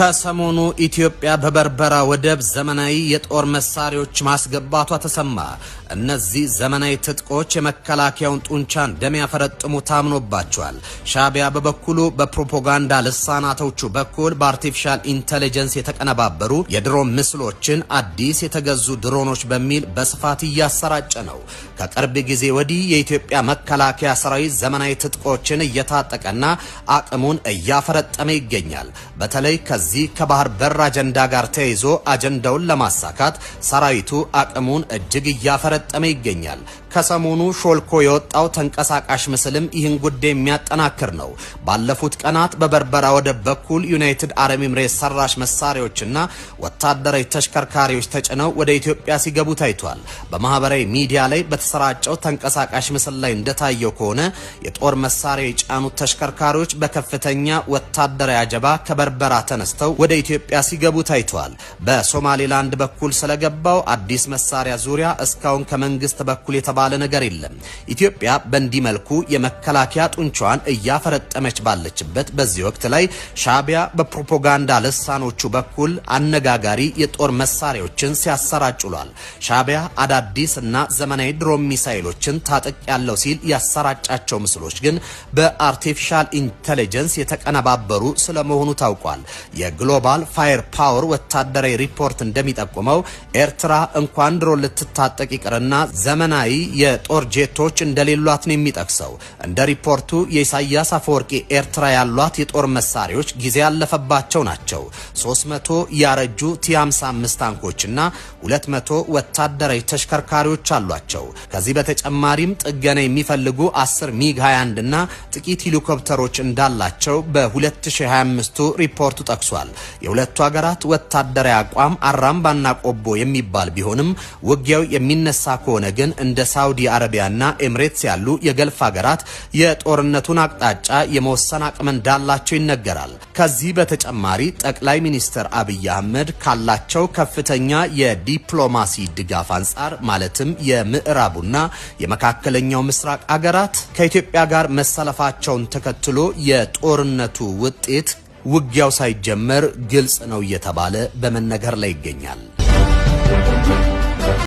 ከሰሞኑ ኢትዮጵያ በበርበራ ወደብ ዘመናዊ የጦር መሳሪያዎች ማስገባቷ ተሰማ። እነዚህ ዘመናዊ ትጥቆች የመከላከያውን ጡንቻ እንደሚያፈረጥሙ ታምኖባቸዋል። ሻቢያ በበኩሉ በፕሮፓጋንዳ ልሳናቶቹ በኩል በአርቲፊሻል ኢንተለጀንስ የተቀነባበሩ የድሮን ምስሎችን አዲስ የተገዙ ድሮኖች በሚል በስፋት እያሰራጨ ነው። ከቅርብ ጊዜ ወዲህ የኢትዮጵያ መከላከያ ሰራዊት ዘመናዊ ትጥቆችን እየታጠቀና አቅሙን እያፈረጠመ ይገኛል። በተለይ ከ ከዚህ ከባህር በር አጀንዳ ጋር ተያይዞ አጀንዳውን ለማሳካት ሰራዊቱ አቅሙን እጅግ እያፈረጠመ ይገኛል። ከሰሞኑ ሾልኮ የወጣው ተንቀሳቃሽ ምስልም ይህን ጉዳይ የሚያጠናክር ነው። ባለፉት ቀናት በበርበራ ወደብ በኩል ዩናይትድ አረብ ኤምሬት ሰራሽ መሳሪያዎችና ወታደራዊ ተሽከርካሪዎች ተጭነው ወደ ኢትዮጵያ ሲገቡ ታይቷል። በማህበራዊ ሚዲያ ላይ በተሰራጨው ተንቀሳቃሽ ምስል ላይ እንደታየው ከሆነ የጦር መሳሪያ የጫኑት ተሽከርካሪዎች በከፍተኛ ወታደራዊ አጀባ ከበርበራ ተነስተው ወደ ኢትዮጵያ ሲገቡ ታይቷል። በሶማሌላንድ በኩል ስለገባው አዲስ መሳሪያ ዙሪያ እስካሁን ከመንግስት በኩል የተባለ የተባለ ነገር የለም። ኢትዮጵያ በእንዲህ መልኩ የመከላከያ ጡንቻዋን እያፈረጠመች ባለችበት በዚህ ወቅት ላይ ሻቢያ በፕሮፓጋንዳ ልሳኖቹ በኩል አነጋጋሪ የጦር መሳሪያዎችን ሲያሰራጭ ውሏል። አዳዲስ እና ዘመናዊ ድሮን ሚሳይሎችን ታጠቅ ያለው ሲል ያሰራጫቸው ምስሎች ግን በአርቲፊሻል ኢንተለጀንስ የተቀነባበሩ ስለመሆኑ ታውቋል። የግሎባል ፋየር ፓወር ወታደራዊ ሪፖርት እንደሚጠቁመው ኤርትራ እንኳን ድሮን ልትታጠቅ ይቅርና ዘመናዊ የጦር ጄቶች እንደሌሏት ነው የሚጠቅሰው። እንደ ሪፖርቱ የኢሳያስ አፈወርቂ ኤርትራ ያሏት የጦር መሳሪያዎች ጊዜ ያለፈባቸው ናቸው። 300 ያረጁ ቲ55 ታንኮችና 200 ወታደራዊ ተሽከርካሪዎች አሏቸው። ከዚህ በተጨማሪም ጥገና የሚፈልጉ 10 ሚግ 21 እና ጥቂት ሄሊኮፕተሮች እንዳላቸው በ2025 ሪፖርቱ ጠቅሷል። የሁለቱ ሀገራት ወታደራዊ አቋም አራምባና ቆቦ የሚባል ቢሆንም ውጊያው የሚነሳ ከሆነ ግን እንደ ሳውዲ አረቢያና ኤምሬትስ ያሉ የገልፍ ሀገራት የጦርነቱን አቅጣጫ የመወሰን አቅም እንዳላቸው ይነገራል። ከዚህ በተጨማሪ ጠቅላይ ሚኒስትር አብይ አህመድ ካላቸው ከፍተኛ የዲፕሎማሲ ድጋፍ አንጻር ማለትም የምዕራቡና የመካከለኛው ምስራቅ አገራት ከኢትዮጵያ ጋር መሰለፋቸውን ተከትሎ የጦርነቱ ውጤት ውጊያው ሳይጀመር ግልጽ ነው እየተባለ በመነገር ላይ ይገኛል።